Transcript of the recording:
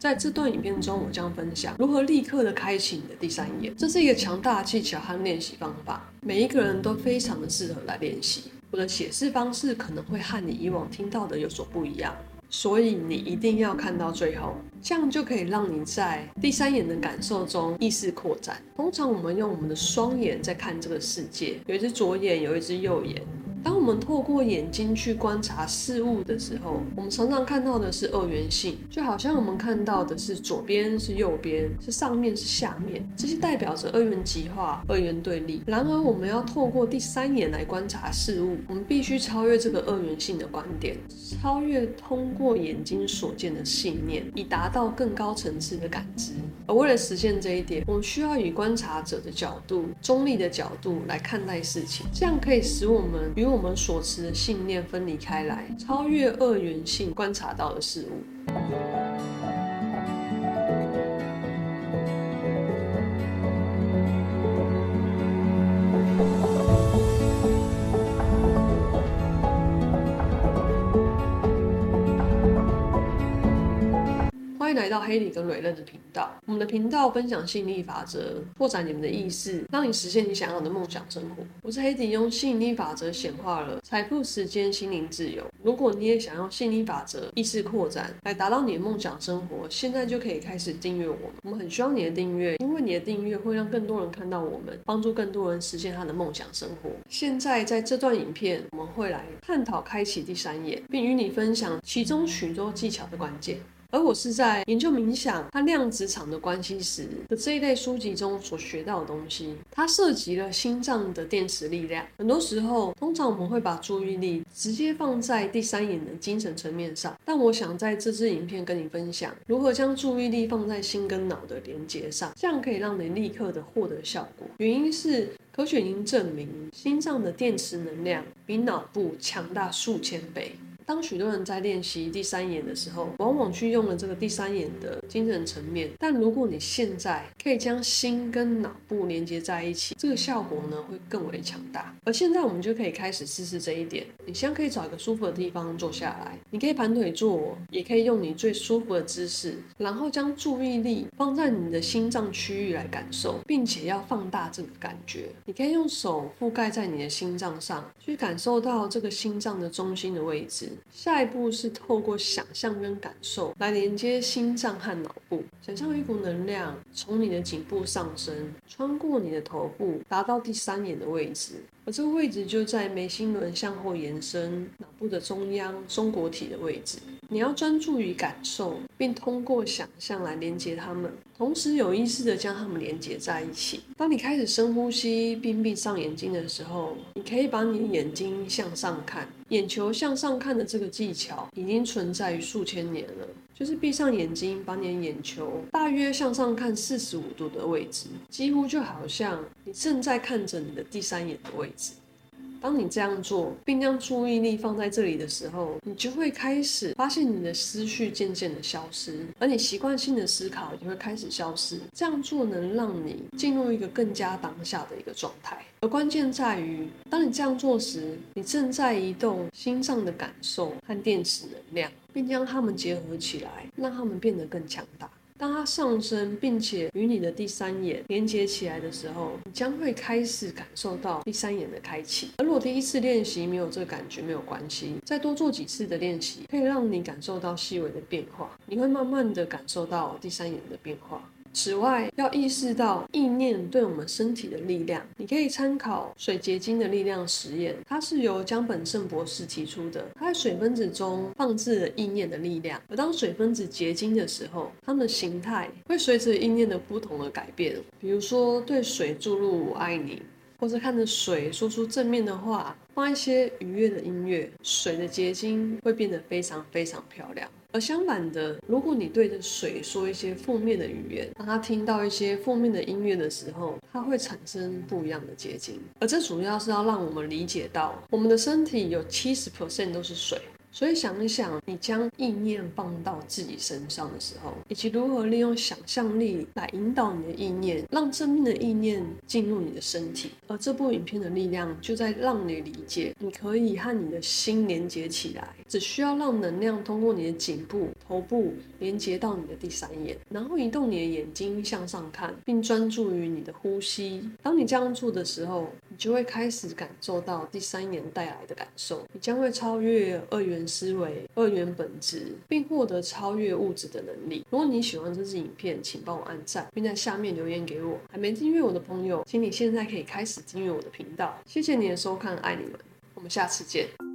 在這段影片中，我將分享如何立刻的開啟你的第三眼。這是一個強大的技巧和練習方法，每一個人都非常的適合來練習。我的解釋方式可能會和你以往聽到的有所不一樣，所以你一定要看到最後，這樣就可以讓你在第三眼的感受中意識擴展。通常我們用我們的雙眼在看這個世界，有一隻左眼，有一隻右眼。當我們透過眼睛去觀察事物的時候，我們常常看到的是二元性，就好像我們看到的是左邊是右邊，是上面是下面，這些代表着二元極化、二元對立。然而，我們要透過第三眼來觀察事物，我們必須超越這個二元性的觀點，超越通過眼睛所見的信念，以達到更高層次的感知。而為了實現這一點，我們需要以觀察者的角度、中立的角度來看待事情，這樣可以使我們與我，我們所持的信念分離開來，超越二元性觀察到的事物。來到海地跟睿睿的頻道，我們的頻道分享吸引力法則，擴展你們的意識，讓你實現你想要的夢想生活。我是海地，用吸引力法則顯化了財富、時間、心靈自由。如果你也想要吸引力法則、意識擴展來達到你的夢想生活，現在就可以開始訂閱我們。我們很需要你的訂閱，因為你的訂閱會讓更多人看到我們，幫助更多人實現他的夢想生活。現在在這段影片，我們會來探討開啟第三眼，並與你分享其中許多技巧的關鍵。而我是在研究冥想它量子場的關係時的這一類書籍中所學到的東西。它涉及了心臟的電磁力量。很多時候，通常我們會把注意力直接放在第三眼的精神層面上。但我想在這支影片跟你分享，如何將注意力放在心跟腦的連接上，這樣可以讓你立刻的獲得效果。原因是科學已經證明，心臟的電磁能量比腦部強大數千倍。當許多人在練習第三眼的時候，往往去用了這個第三眼的精神層面。但如果你現在可以將心跟腦部連接在一起，這個效果呢會更為強大。而現在我們就可以開始試試這一點。你先可以找一個舒服的地方坐下來，你可以盤腿坐，也可以用你最舒服的姿勢。然後將注意力放在你的心臟區域來感受，並且要放大這個感覺。你可以用手覆蓋在你的心臟上，去感受到這個心臟的中心的位置。下一步是透過想象跟感受來連接心臟和腦部。想象一股能量從你的頸部上升，穿過你的頭部，達到第三眼的位置。而這個位置就在眉心輪向後延伸，腦部的中央、松果體的位置。你要專注於感受，並通過想象來連接它們，同時有意識地將它們連接在一起。當你開始深呼吸並閉上眼睛的時候，你可以把你的眼睛向上看，眼球向上看的這個技巧已經存在於數千年了。就是閉上眼睛，把你的眼球大約向上看四十五度的位置，幾乎就好像你正在看着你的第三眼的位置。當你這樣做，並將注意力放在這裡的時候，你就會開始發現你的思緒漸漸的消失，而你習慣性的思考也會開始消失。這樣做能讓你進入一個更加當下的一個狀態。而關鍵在於，當你這樣做時，你正在移動心臟的感受和電池能量，並將它們結合起來，讓它們變得更強大。當它上升，並且與你的第三眼連接起來的時候，你將會開始感受到第三眼的開啟。而若第一次練習沒有這個感覺，沒有關係，再多做幾次的練習，可以讓你感受到細微的變化。你會慢慢的感受到第三眼的變化。此外，要意識到意念對我們身體的力量。你可以參考水結晶的力量實驗，它是由江本勝博士提出的。他在水分子中放置了意念的力量，而當水分子結晶的時候，它們的形態會隨着意念的不同而改變。比如說，對水注入“我愛你”，或者看着水說出正面的話，放一些愉悅的音樂，水的結晶會變得非常非常漂亮。而相反的，如果你對着水說一些負面的語言，讓他聽到一些負面的音樂的時候，它會產生不一樣的結晶。而這主要是要讓我們理解到，我們的身體有七十 percent 都是水。所以想一想，你將意念放到自己身上的時候，以及如何利用想象力來引導你的意念，讓正面的意念進入你的身體。而這部影片的力量就在讓你理解，你可以和你的心連接起來，只需要讓能量通過你的頸部、頭部連接到你的第三眼，然後移動你的眼睛向上看，並專注於你的呼吸。當你這樣做的時候，就會開始感受到第三眼帶來的感受，你將會超越二元思維、二元本質，並獲得超越物質的能力。如果你喜歡這支影片，請幫我按讚，並在下面留言給我。還沒訂閱我的朋友，請你現在可以開始訂閱我的頻道。謝謝你的收看，愛你們，我們下次見。